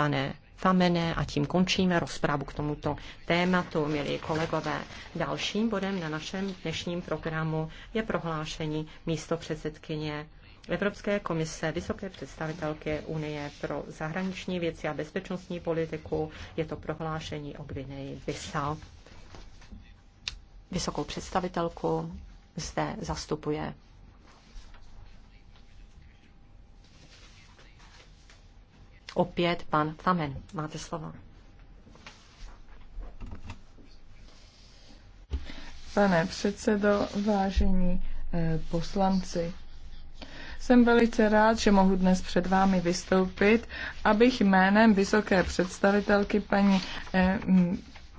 pane Famene a tím končíme rozpravu k tomuto tématu, milí kolegové. Dalším bodem na našem dnešním programu je prohlášení místo předsedkyně Evropské komise vysoké představitelky Unie pro zahraniční věci a bezpečnostní politiku. Je to prohlášení o Gvineji Bissau. Vysokou představitelku zde zastupuje Opět pan Tamen. Máte slovo. Pane předsedo, vážení eh, poslanci, jsem velice rád, že mohu dnes před vámi vystoupit, abych jménem vysoké představitelky paní eh,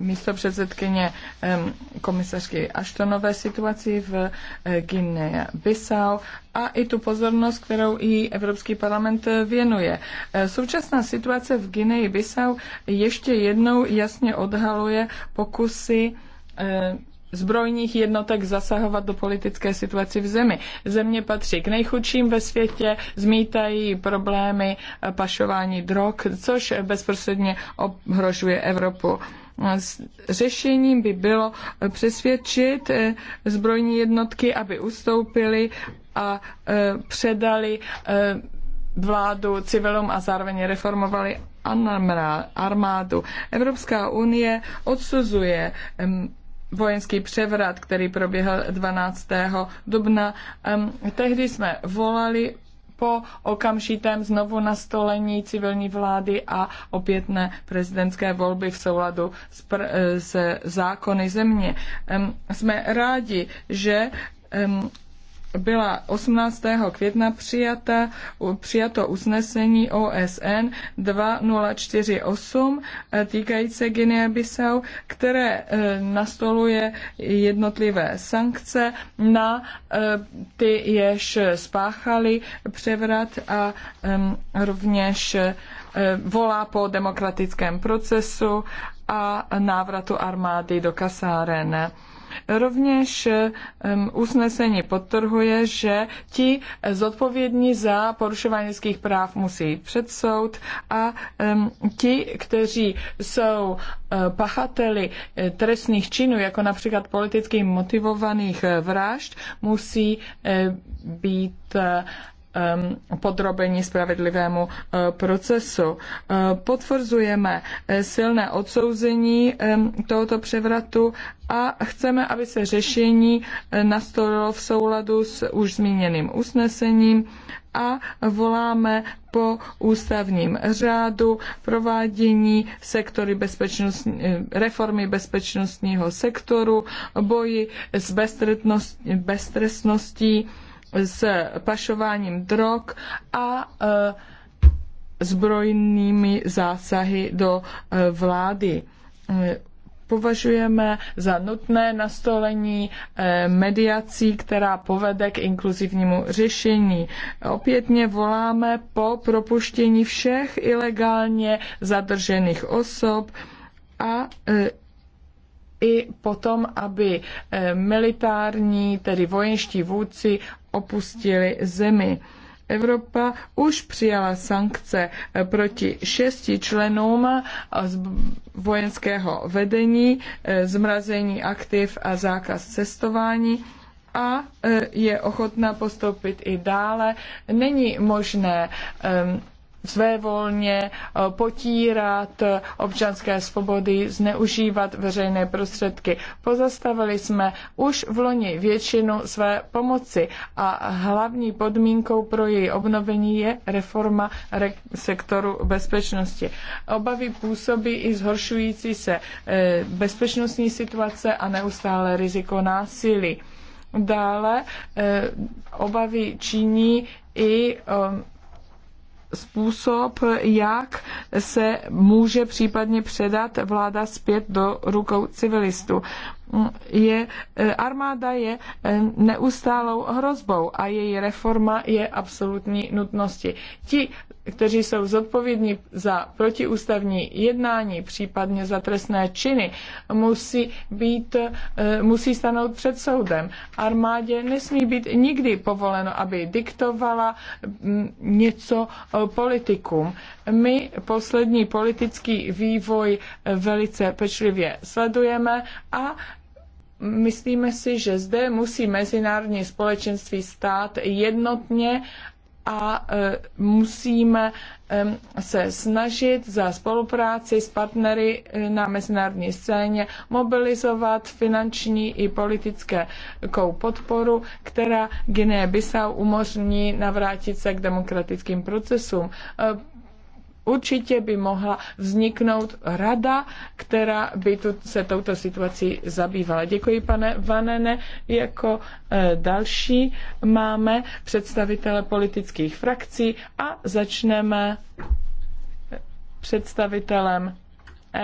místo předsedkyně komisařky Aštonové situaci v eh, Guinea Bissau a i tu pozornost, kterou i Evropský parlament eh, věnuje. Eh, současná situace v Guinea Bissau ještě jednou jasně odhaluje pokusy zbrojních jednotek zasahovat do politické situaci v zemi. Země patří k nejchudším ve světě, zmítají problémy pašování drog, což bezprostředně ohrožuje Evropu. Řešením by bylo eh, přesvědčit eh, zbrojní jednotky, aby ustoupili a eh, předali vládu civilům a zároveň reformovali armádu. Evropská unie odsuzuje vojenský převrat, který proběhl 12. dubna. Tehdy jsme volali po okamžitém znovu nastolení civilní vlády a opětné prezidentské volby v souladu s pr- eh, se zákony země. Jsme rádi, že byla 18. května přijata, přijato usnesení OSN 2048 eh, týkající Guinea-Bissau, které eh, nastoluje jednotlivé sankce na eh, ty, jež spáchali převrat a rovněž volá po demokratickém procesu a návratu armády do kasáren. Rovněž usnesení podtrhuje, že ti zodpovědní za porušování lidských práv musí jít před soud a ti, kteří jsou e, pachateli e, trestných činů, jako například politicky motivovaných e, vražd, musí být Um, podrobení spravedlivému uh, procesu. Uh, potvrzujeme uh, silné odsouzení um, tohoto převratu a chceme, aby se řešení nastolilo v souladu s už zmíněným usnesením a voláme po ústavním řádu provádění sektory bezpečnostní, reformy bezpečnostního sektoru, boji s beztrestností s pašováním drog a e, zbrojnými zásahy do e, vlády e, považujeme za nutné nastolení mediací, která povede k inkluzivnímu řešení. Opětně voláme po propuštění všech ilegálně zadržených osob a i potom, aby militární, tedy vojenští vůdci opustili zemi. Evropa už přijala sankce proti šesti členům z vojenského vedení, eh, zmrazení aktiv a zákaz cestování a eh, je ochotná postoupit i dále. Není možné svévolně eh, potírat eh, občanské svobody, zneužívat veřejné prostředky. Pozastavili jsme už v loni většinu své pomoci a hlavní podmínkou pro její obnovení je reforma sektoru bezpečnosti. Obavy působí i zhoršující se eh, bezpečnostní situace a neustále riziko násilí. Dále obavy činí i způsob, jak se může případně předat vláda zpět do rukou civilistů je, e, armáda je e, neustálou hrozbou a její reforma je absolutní nutnosti. Ti, kteří jsou zodpovědní za protiústavní jednání, případně za trestné činy, musí, být, e, musí stanout před soudem. Armádě nesmí být nikdy povoleno, aby diktovala něco politikům. My poslední politický vývoj velice pečlivě sledujeme a myslíme si, že zde musí mezinárodní společenství stát jednotně a e, musíme e, se snažit za spolupráci s partnery e, na mezinárodní scéně mobilizovat finanční i politické podporu, která Guinea-Bissau umožní navrátit se k demokratickým procesům. Určitě by mohla vzniknout rada, která by tu, se touto situací zabývala. Děkuji, pane Vanene. Jako e, další máme představitele politických frakcí a začneme představitelem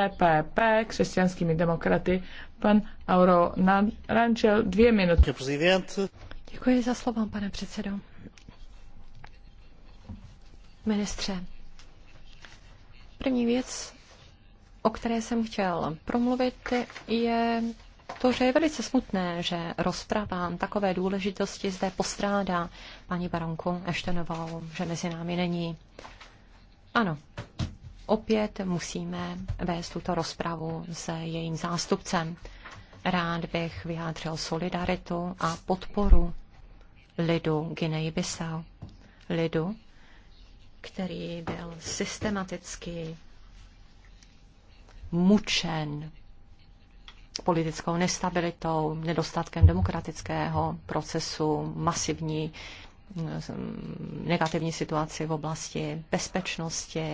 EPP, křesťanskými demokraty, pan Auro Rančel, dvě minuty. Děkuji za slovo, pane předsedo. Ministře, První věc, o které jsem chtěl promluvit, je to, že je velice smutné, že rozprava takové důležitosti zde postrádá paní baronku Eštenovou, že mezi námi není. Ano, opět musíme vést tuto rozpravu s jejím zástupcem. Rád bych vyjádřil solidaritu a podporu lidu Guinea-Bissau, lidu, který byl systematicky mučen politickou nestabilitou, nedostatkem demokratického procesu, masivní negativní situaci v oblasti bezpečnosti,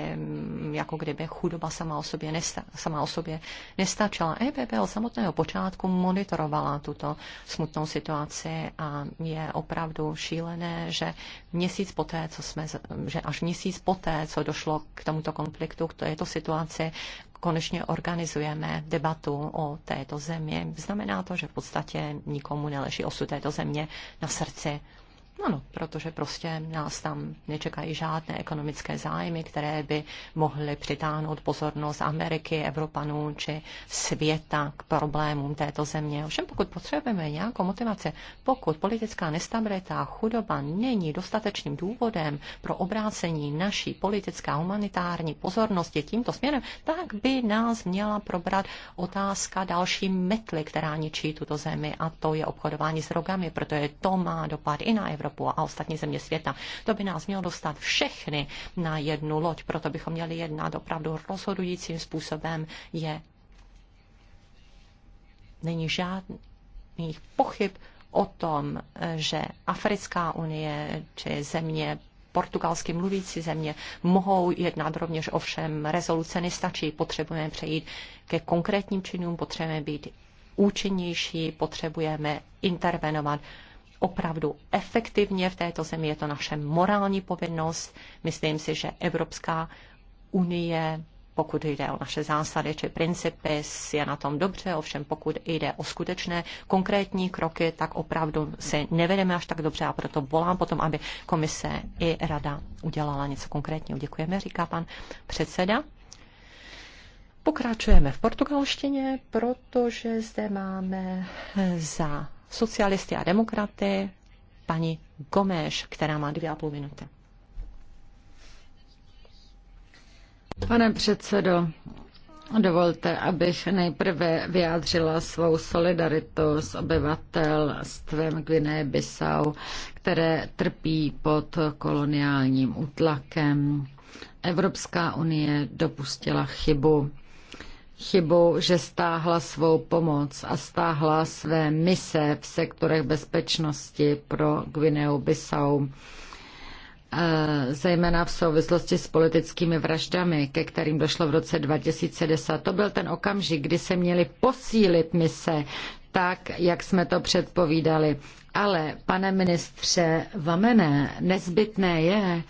jako kdyby chudoba sama o sobě, nesta- sama o sobě nestačila. EPP od samotného počátku monitorovala tuto smutnou situaci a je opravdu šílené, že měsíc poté, co jsme, že až měsíc poté, co došlo k tomuto konfliktu, k této situaci, konečně organizujeme debatu o této zemi. Znamená to, že v podstatě nikomu neleží osud této země na srdci. Ano, protože prostě nás tam nečekají žádné ekonomické zájmy, které by mohly přitáhnout pozornost Ameriky, Evropanů či světa k problémům této země. Ovšem, pokud potřebujeme nějakou motivaci, pokud politická nestabilita a chudoba není dostatečným důvodem pro obrácení naší politické a humanitární pozornosti tímto směrem, tak by nás měla probrat otázka další metly, která ničí tuto zemi, a to je obchodování s drogami, protože to má dopad i na Evropu Evropu a ostatní země světa. To by nás mělo dostat všechny na jednu loď, proto bychom měli jednat opravdu rozhodujícím způsobem je není žádných pochyb o tom, že Africká unie či země portugalsky mluvící země mohou jednat rovněž ovšem. Rezoluce nestačí, potřebujeme přejít ke konkrétním činům, potřebujeme být účinnější, potřebujeme intervenovat opravdu efektivně v této zemi. Je to naše morální povinnost. Myslím si, že Evropská unie, pokud jde o naše zásady či principy, je na tom dobře, ovšem pokud jde o skutečné konkrétní kroky, tak opravdu se nevedeme až tak dobře a proto volám potom, aby komise i rada udělala něco konkrétního. Děkujeme, říká pan předseda. Pokračujeme v portugalštině, protože zde máme za socialisty a demokraty, paní Gomeš, která má dvě a půl minuty. Pane předsedo, Dovolte, abych nejprve vyjádřila svou solidaritu s obyvatelstvem Gvineje Bissau, které trpí pod koloniálním útlakem. Evropská unie dopustila chybu chybu, že stáhla svou pomoc a stáhla své mise v sektorech bezpečnosti pro Gvineu Bissau, eh, zejména v souvislosti s politickými vraždami, ke kterým došlo v roce 2010. To byl ten okamžik, kdy se měly posílit mise tak, jak jsme to předpovídali. Ale, pane ministře Vamené, nezbytné je,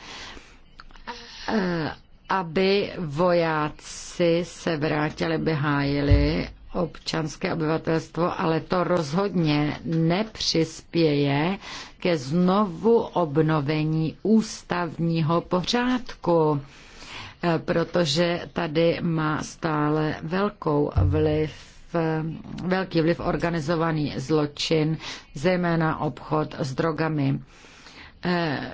eh, aby vojáci se vrátili, by hájili občanské obyvatelstvo, ale to rozhodně nepřispěje ke znovu obnovení ústavního pořádku, eh, protože tady má stále velkou vliv eh, velký vliv organizovaný zločin, zejména obchod s drogami eh,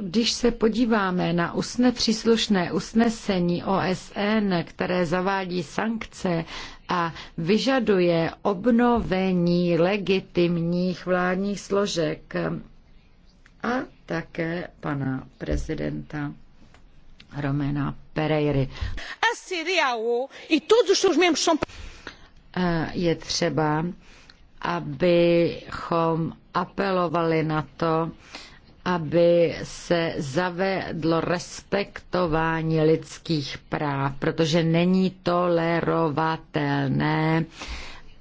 když se podíváme na usne, příslušné usnesení OSN, které zavádí sankce a vyžaduje obnovení legitimních vládních složek a také pana prezidenta Romena Pereiry. Je třeba, abychom apelovali na to, aby se zavedlo respektování lidských práv, protože není tolerovatelné,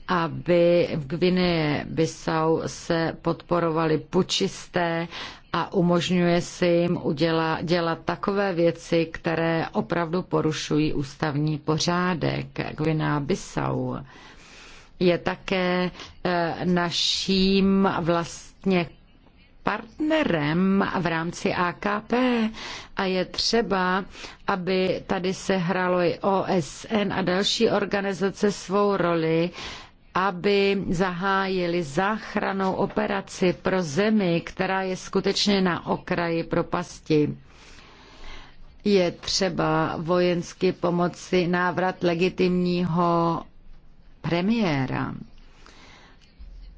aby v Gvineje Bissau se podporovali pučisté a umožňuje se jim udělat, dělat takové věci, které opravdu porušují ústavní pořádek. Gvinea Bissau je také eh, naším vlastně partnerem v rámci AKP a je třeba, aby tady se hrálo i OSN a další organizace svou roli, aby zahájili záchranou operaci pro zemi, která je skutečně na okraji propasti. Je třeba vojensky pomoci návrat legitimního premiéra.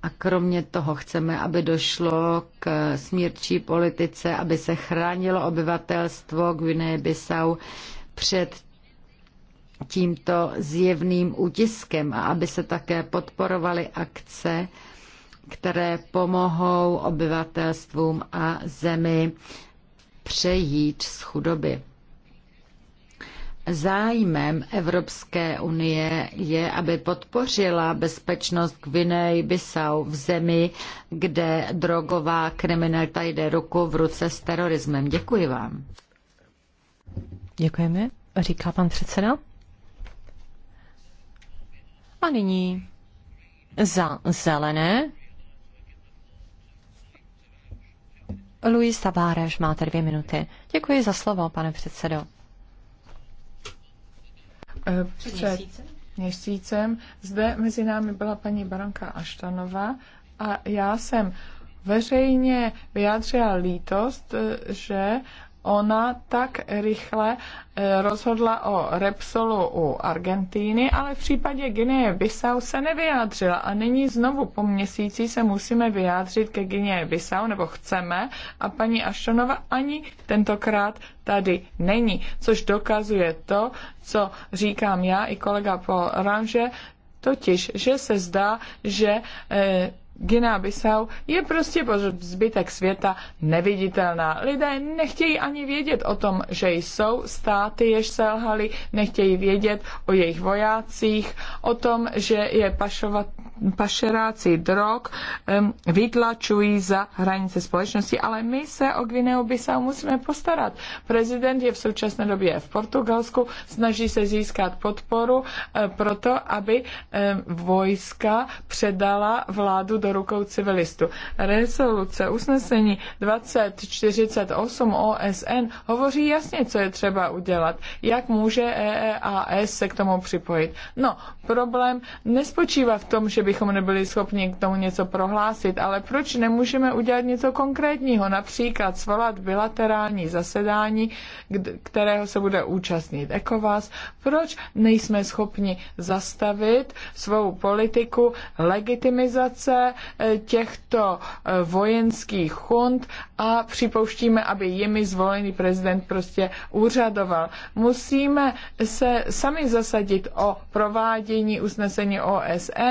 A kromě toho chceme, aby došlo k smírčí politice, aby se chránilo obyvatelstvo Guinea-Bissau před tímto zjevným útiskem a aby se také podporovaly akce, které pomohou obyvatelstvům a zemi přejít z chudoby. Zájmem Evropské unie je, aby podpořila bezpečnost Gvinej Bissau v zemi, kde drogová kriminalita jde ruku v ruce s terorismem. Děkuji vám. Děkujeme, říká pan předseda. A nyní za zelené Luis Tavárež máte dvě minuty. Děkuji za slovo, pane předsedo před měsícem. měsícem. Zde mezi námi byla paní baronka Aštanová a já jsem veřejně vyjádřila lítost, e, že ona tak rychle eh, rozhodla o Repsolu u Argentíny, ale v případě Guinea Bissau se nevyjádřila a nyní znovu po měsíci se musíme vyjádřit ke Guinea Bissau, nebo chceme a paní Aštonova ani tentokrát tady není, což dokazuje to, co říkám já i kolega po Ranže, totiž, že se zdá, že eh, Guinea-Bissau je prostě po zbytek světa neviditelná. Lidé nechtějí ani vědět o tom, že jsou státy, jež selhaly, nechtějí vědět o jejich vojácích, o tom, že je pašovat, pašeráci drog vytlačují za hranice společnosti, ale my se o Gvineu Bissau musíme postarat. Prezident je v současné době v Portugalsku, snaží se získat podporu eh, proto, aby vojska předala vládu do rukou civilistů. Resoluce usnesení 2048 OSN hovoří jasně, co je třeba udělat, jak může EEAS se k tomu připojit. No, problém nespočívá v tom, že bychom nebyli schopni k tomu něco prohlásit, ale proč nemůžeme udělat něco konkrétního, například svolat bilaterální zasedání, kterého se bude účastnit ECOVAS, proč nejsme schopni zastavit svou politiku legitimizace eh, těchto eh, vojenských chund a připouštíme, aby jimi zvolený prezident prostě úřadoval. Musíme se sami zasadit o provádění usnesení OSN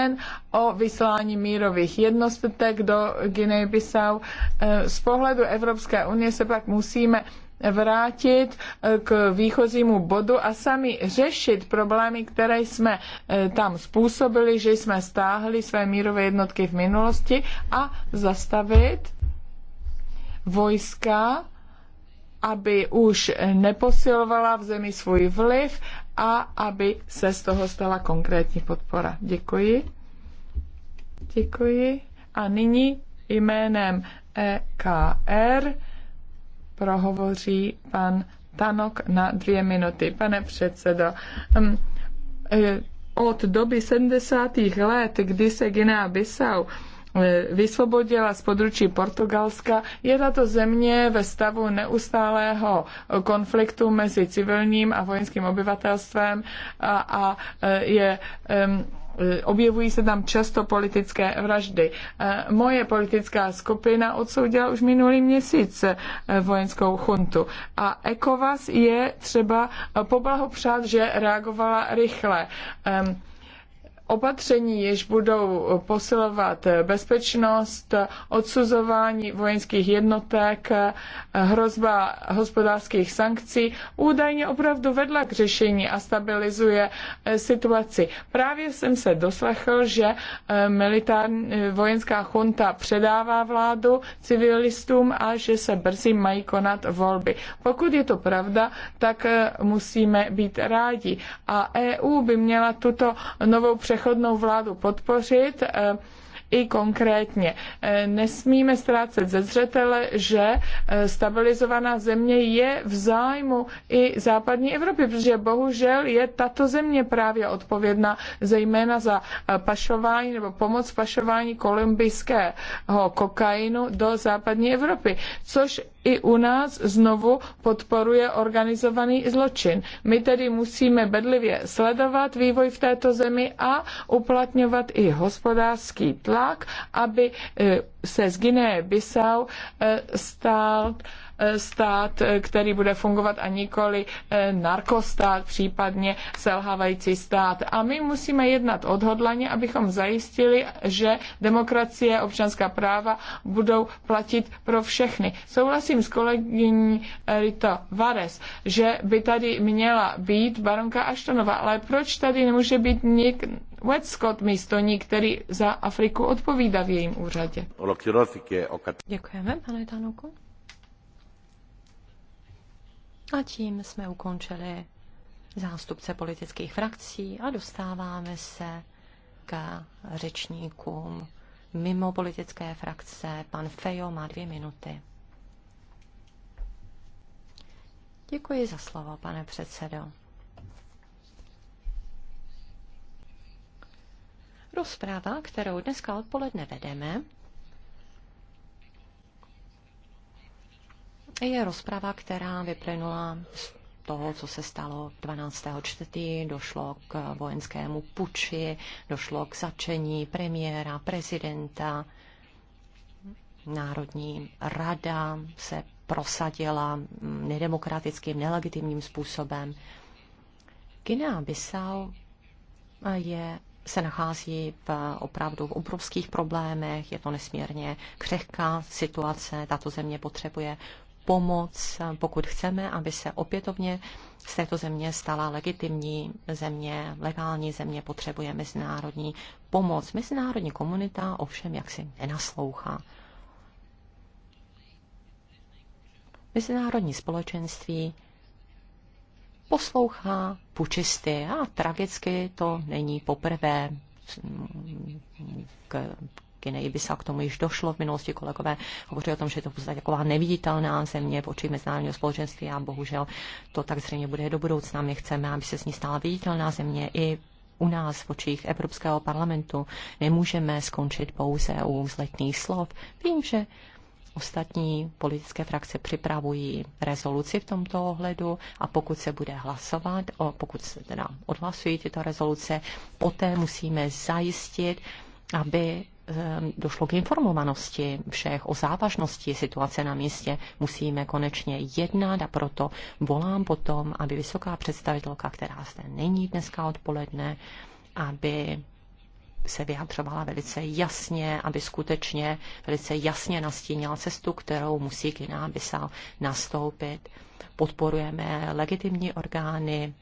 o vyslání mírových jednotek do Guinea-Bissau. Eh, z pohledu Evropské unie se pak musíme vrátit eh, k výchozímu bodu a sami řešit problémy, které jsme eh, tam způsobili, že jsme stáhli své mírové jednotky v minulosti a zastavit vojska, aby už neposilovala v zemi svůj vliv a aby se z toho stala konkrétní podpora. Děkuji. Děkuji. A nyní jménem EKR prohovoří pan Tanok na dvě minuty. Pane předsedo, e, od doby 70. let, kdy se Guinea Bissau e, vysvobodila z područí Portugalska, je tato země ve stavu neustálého konfliktu mezi civilním a vojenským obyvatelstvem a, a e, je um, Eh, objevují se tam často politické vraždy. Eh, moje politická skupina odsoudila už minulý měsíc eh, vojenskou chuntu a ECOWAS je třeba poblahopřát, že reagovala rychle. Ehm, opatření, jež budou posilovat bezpečnost, odsuzování vojenských jednotek, hrozba hospodářských sankcí, údajně opravdu vedla k řešení a stabilizuje eh, situaci. Právě jsem se doslechl, že eh, militární eh, vojenská chunta předává vládu civilistům a že se brzy mají konat volby. Pokud je to pravda, tak musíme být rádi. A EU by měla tuto novou před přechodnou vládu podpořit eh, i konkrétně. Eh, nesmíme ztrácet ze zřetele, že eh, stabilizovaná země je v zájmu i západní Evropy, protože bohužel je tato země právě odpovědná zejména za pašování nebo pomoc pašování kolumbijského kokainu do západní Evropy, což i u nás znovu podporuje organizovaný zločin. My tedy musíme bedlivě sledovat vývoj v této zemi a uplatňovat i hospodářský tlak, aby eh, se z Guinea Bissau stál eh, stát, eh, eh, který bude fungovat a nikoli narkostát, případně selhávající stát. A my musíme jednat odhodlaně, abychom zajistili, že demokracie, občanská práva budou platit pro všechny. Souhlasím s kolegyní Rito Vares, že by tady měla být baronka Aštonová, ale proč tady nemůže být nik, Scott místo ní, který za Afriku odpovídá v jejím úřadě. Děkujeme, pane Tanoku. A tím jsme ukončili zástupce politických frakcí a dostáváme se k řečníkům mimo politické frakce. Pan Fejo má dvě minuty. Děkuji za slovo, pane předsedo. Rozpráva, kterou dneska odpoledne vedeme, je rozprava, která vyplynula z toho, co se stalo 12. čtvrtý, došlo k vojenskému puči, došlo k začení premiéra, prezidenta, Národní rada se prosadila nedemokratickým, nelegitimním způsobem. Kina Bissau je se nachází v opravdu v obrovských problémech, je to nesmírně křehká situace, tato země potřebuje pomoc, pokud chceme, aby se opětovně z této země stala legitimní země, legální země, potřebuje mezinárodní pomoc. Mezinárodní komunita ovšem jaksi nenaslouchá. Mezinárodní společenství poslouchá pučisty a tragicky to není poprvé. K, by se k tomu již došlo v minulosti, kolegové hovoří o tom, že je to v podstatě taková neviditelná země v očích mezinárodního společenství a bohužel to tak zřejmě bude do budoucna. My chceme, aby se s ní stala viditelná země i u nás v očích Evropského parlamentu. Nemůžeme skončit pouze u vzletných slov. Vím, že ostatní politické frakce připravují rezoluci v tomto ohledu a pokud se bude hlasovat, o, pokud se teda odhlasují tyto rezoluce, poté musíme zajistit, aby ehm, došlo k informovanosti všech o závažnosti situace na místě. Musíme konečně jednat a proto volám potom, aby vysoká představitelka, která zde není dneska odpoledne, aby se vyjadřovala velice jasně, aby skutečně velice jasně nastínila cestu, kterou musí Guinea Bissau nastoupit. Podporujeme legitimní orgány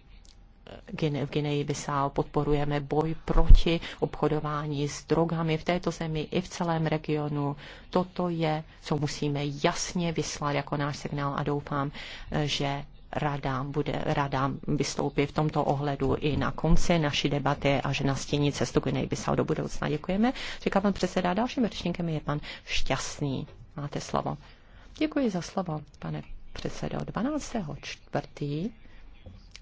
eh, v Gineji Bissau, podporujeme boj proti obchodování s drogami v této zemi i v celém regionu. Toto je, co musíme jasně vyslat jako náš signál a doufám, eh, že rada, bude rada vystoupit v tomto ohledu i na konci naší debaty a že nastíní cestu k nejbysal do budoucna. Děkujeme. Říká pan předseda, dalším řečníkem je pan Šťastný. Máte slovo. Děkuji za slovo, pane předsedo. 12. čtvrtý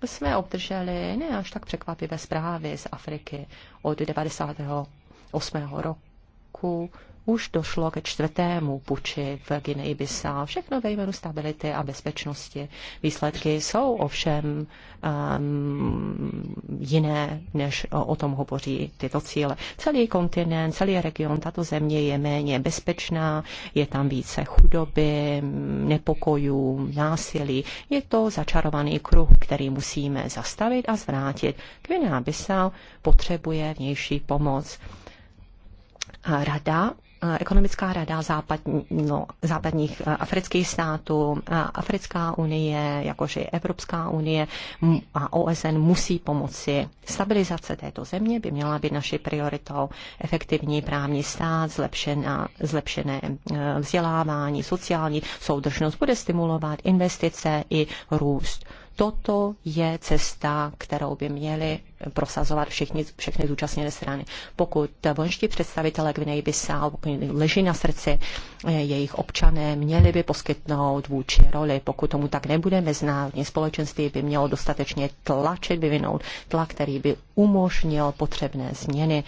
jsme obdrželi ne až tak překvapivé zprávy z Afriky od 98. roku už došlo ke čtvrtému puči v Guinea Bissau. Všechno ve jménu stability a bezpečnosti. Výsledky jsou ovšem um, jiné, než o, o tom hovoří tyto cíle. Celý kontinent, celý region, tato země je méně bezpečná, je tam více chudoby, nepokojů, násilí. Je to začarovaný kruh, který musíme zastavit a zvrátit. Guinea Bissau potřebuje vnější pomoc. A rada Eh, ekonomická rada západní, no, západních eh, afrických států, eh, Africká unie, jakož i Evropská unie a OSN musí pomoci. Stabilizace této země by měla být naší prioritou. Efektivní právní stát, zlepšená, zlepšené vzdělávání, sociální soudržnost bude stimulovat investice i růst toto je cesta, kterou by měly prosazovat všichni, všechny zúčastněné strany. Pokud vojenští představitelé by Bissau leží na srdci eh, jejich občané, měli by poskytnout vůči roli. Pokud tomu tak nebude, mezinárodní společenství by mělo dostatečně tlačit, vyvinout tlak, který by umožnil potřebné změny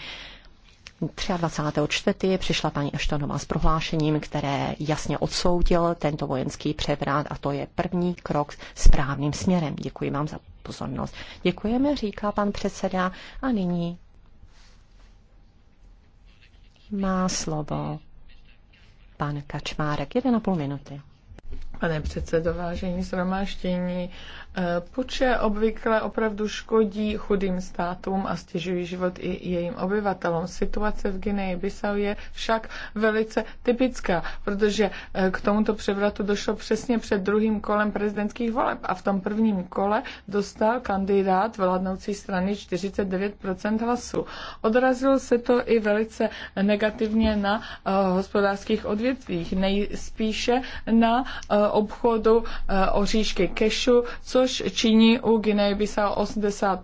24. přišla paní Eštonová s prohlášením, které jasně odsoudil tento vojenský převrat a to je první krok správným směrem. Děkuji vám za pozornost. Děkujeme, říká pan předseda a nyní má slovo pan Kačmárek. půl minuty. Pane předsedo, vážení zhromáždění, eh, puče obvykle opravdu škodí chudým státům a stěžují život i jejím obyvatelům. Situace v Gineji Bissau je však velice typická, protože eh, k tomuto převratu došlo přesně před druhým kolem prezidentských voleb a v tom prvním kole dostal kandidát vládnoucí strany 49% hlasů. Odrazilo se to i velice negativně na eh, hospodářských odvětvích, nejspíše na Eh, obchodu eh, oříšky kešu, což činí u Guinea-Bissau 80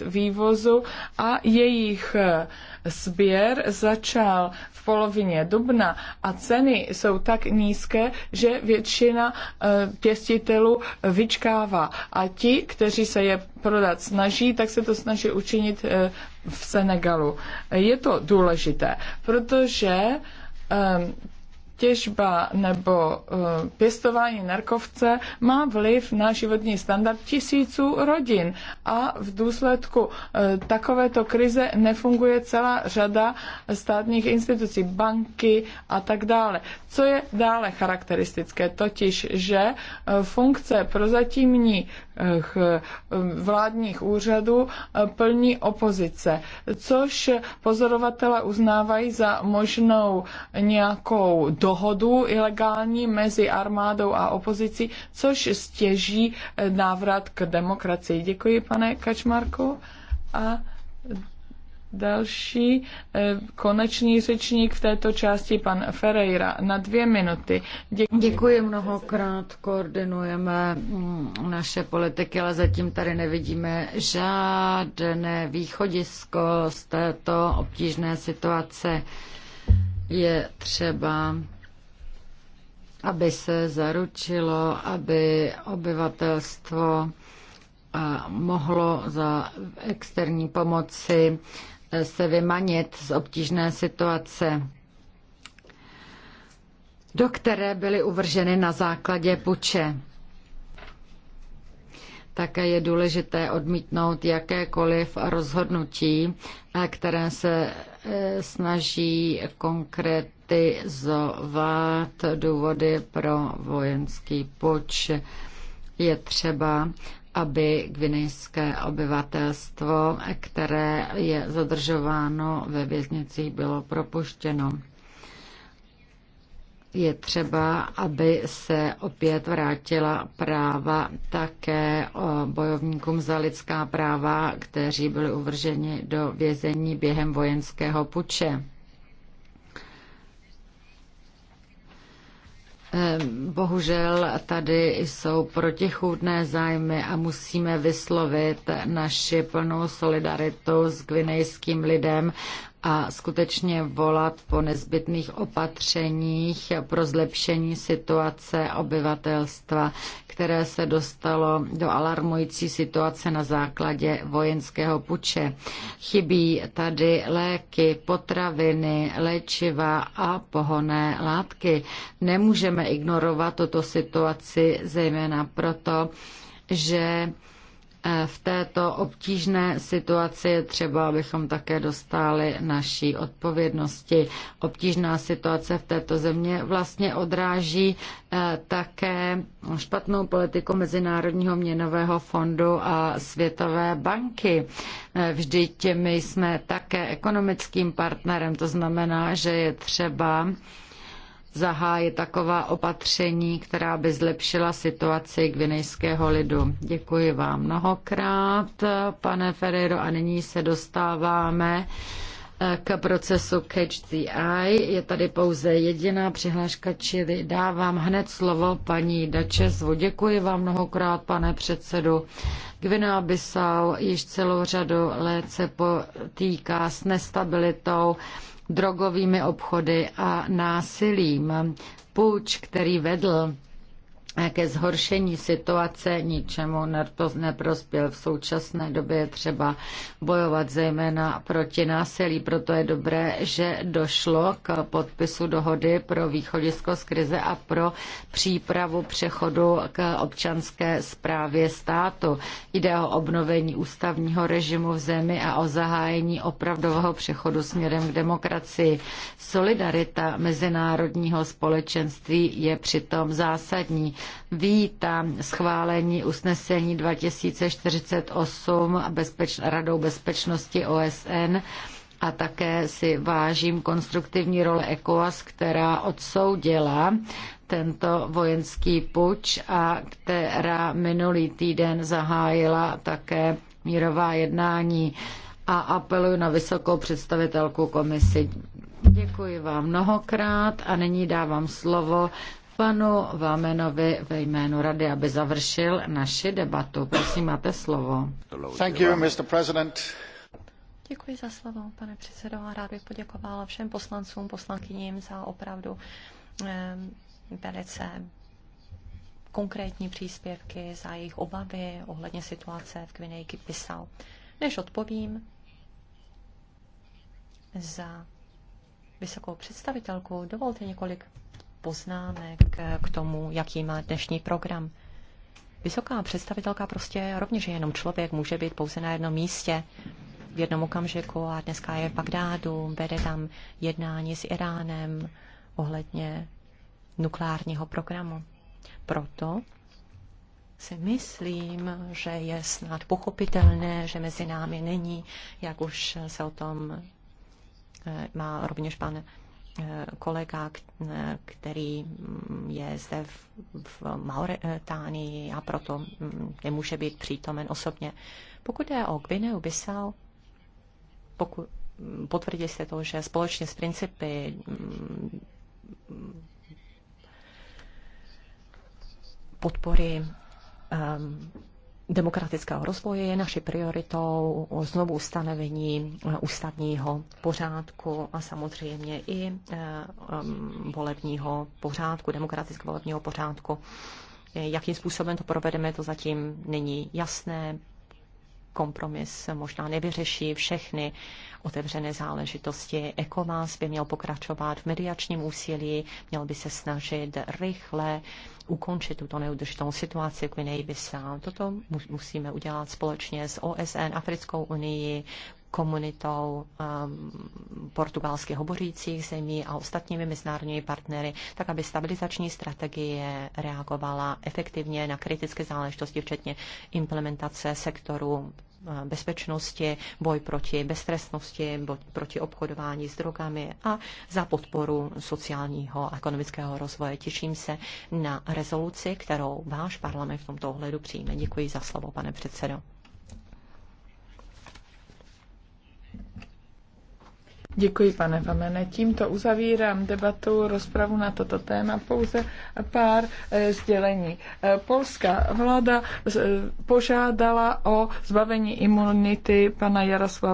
vývozu a jejich eh, sběr začal v polovině dubna a ceny jsou tak nízké, že většina pěstitelů vyčkává. A ti, kteří se je prodat snaží, tak se to snaží učinit v Senegalu. Je to důležité, protože těžba nebo eh, pěstování narkovce má vliv na životní standard tisíců rodin a v důsledku eh, takovéto krize nefunguje celá řada státních institucí, banky a tak dále. Co je dále charakteristické? Totiž, že eh, funkce prozatímní Eh, eh, vládních úřadů eh, plní opozice, což pozorovatele uznávají za možnou nějakou dohodu ilegální mezi armádou a opozicí, což stěží návrat k demokracii. Děkuji, pane Kačmarku. A Další eh, konečný řečník v této části, pan Ferreira, na dvě minuty. Děkuji. Děkuji mnohokrát, koordinujeme mm, naše politiky, ale zatím tady nevidíme žádné východisko z této obtížné situace. Je třeba aby se zaručilo, aby obyvatelstvo eh, mohlo za externí pomoci se vymanit z obtížné situace, do které byly uvrženy na základě puče. Také je důležité odmítnout jakékoliv rozhodnutí, eh, které se eh, snaží konkretizovat důvody pro vojenský puč. Je třeba aby gvinejské obyvatelstvo, které je zadržováno ve věznicích, bylo propuštěno. Je třeba, aby se opět vrátila práva také bojovníkům za lidská práva, kteří byli uvrženi do vězení během vojenského puče. Ehm, bohužel tady jsou protichůdné zájmy a musíme vyslovit naši plnou solidaritu s gvinejským lidem a skutečně volat po nezbytných opatřeních pro zlepšení situace obyvatelstva, které se dostalo do alarmující situace na základě vojenského puče. Chybí tady léky, potraviny, léčiva a pohonné látky. Nemůžeme ignorovat tuto situaci, zejména proto, že v této obtížné situaci je třeba, abychom také dostali naší odpovědnosti. Obtížná situace v této země vlastně odráží eh, také špatnou politiku Mezinárodního měnového fondu a Světové banky. Eh, vždyť my jsme také ekonomickým partnerem, to znamená, že je třeba zahájit taková opatření, která by zlepšila situaci gvinejského lidu. Děkuji vám mnohokrát, pane Ferrero, a nyní se dostáváme eh, k procesu Catch the Eye. Je tady pouze jediná přihláška, čili dávám hned slovo paní Dačezvu. Děkuji vám mnohokrát, pane předsedu. Gvina Bissau již celou řadu let se potýká s nestabilitou drogovými obchody a násilím. Puč, který vedl ke zhoršení situace ničemu neprospěl. V současné době je třeba bojovat zejména proti násilí, proto je dobré, že došlo k podpisu dohody pro východisko z krize a pro přípravu přechodu k občanské správě státu. Jde o obnovení ústavního režimu v zemi a o zahájení opravdového přechodu směrem k demokracii. Solidarita mezinárodního společenství je přitom zásadní vítám schválení usnesení 2048 bezpeč, Radou bezpečnosti OSN a také si vážím konstruktivní role ECOWAS, která odsoudila tento vojenský puč a která minulý týden zahájila také mírová jednání a apeluji na vysokou představitelku komisi. Děkuji vám mnohokrát a nyní dávám slovo panu Vámenovi ve jménu Rady, aby završil naši debatu. Prosím, máte slovo. Thank you, Mr. President. Děkuji za slovo, pane předsedo, a rád bych poděkovala všem poslancům, poslankyním za opravdu eh, velice konkrétní příspěvky, za jejich obavy ohledně situace v Gvineji Bissau. Než odpovím za vysokou představitelku, dovolte několik poznámek k tomu, jaký má dnešní program. Vysoká představitelka prostě rovněž je jenom člověk, může být pouze na jednom místě v jednom okamžiku a dneska je v Bagdádu, vede tam jednání s Iránem ohledně nukleárního programu. Proto si myslím, že je snad pochopitelné, že mezi námi není, jak už se o tom eh, má rovněž pan kolega, který je zde v, v Mauretánii a proto nemůže být přítomen osobně. Pokud je o Gvineu Bissau, pokud potvrdí se to, že společně s principy mm, podpory um, demokratického rozvoje je naší prioritou znovu ustanovení eh, ústavního pořádku a samozřejmě i eh, mm, volebního pořádku, demokratického volebního pořádku. Eh, jakým způsobem to provedeme, to zatím není jasné kompromis možná nevyřeší všechny otevřené záležitosti. ECOMAS by měl pokračovat v mediačním úsilí, měl by se snažit rychle ukončit tuto neudržitelnou situaci Guinei jako Bissau. Toto musíme udělat společně s OSN, Africkou unii, komunitou um, portugalsky hovořících zemí a ostatními mezinárodními partnery, tak aby stabilizační strategie reagovala efektivně na kritické záležitosti, včetně implementace sektoru uh, bezpečnosti, boj proti beztrestnosti, boj proti obchodování s drogami a za podporu sociálního a ekonomického rozvoje. Těším se na rezoluci, kterou váš parlament v tomto ohledu přijme. Děkuji za slovo, pane předsedo. Děkuji, pane Vamene. Tímto uzavírám debatu, rozpravu na toto téma. Pouze pár eh, sdělení. Eh, polská vláda eh, požádala o zbavení imunity pana Jaroslava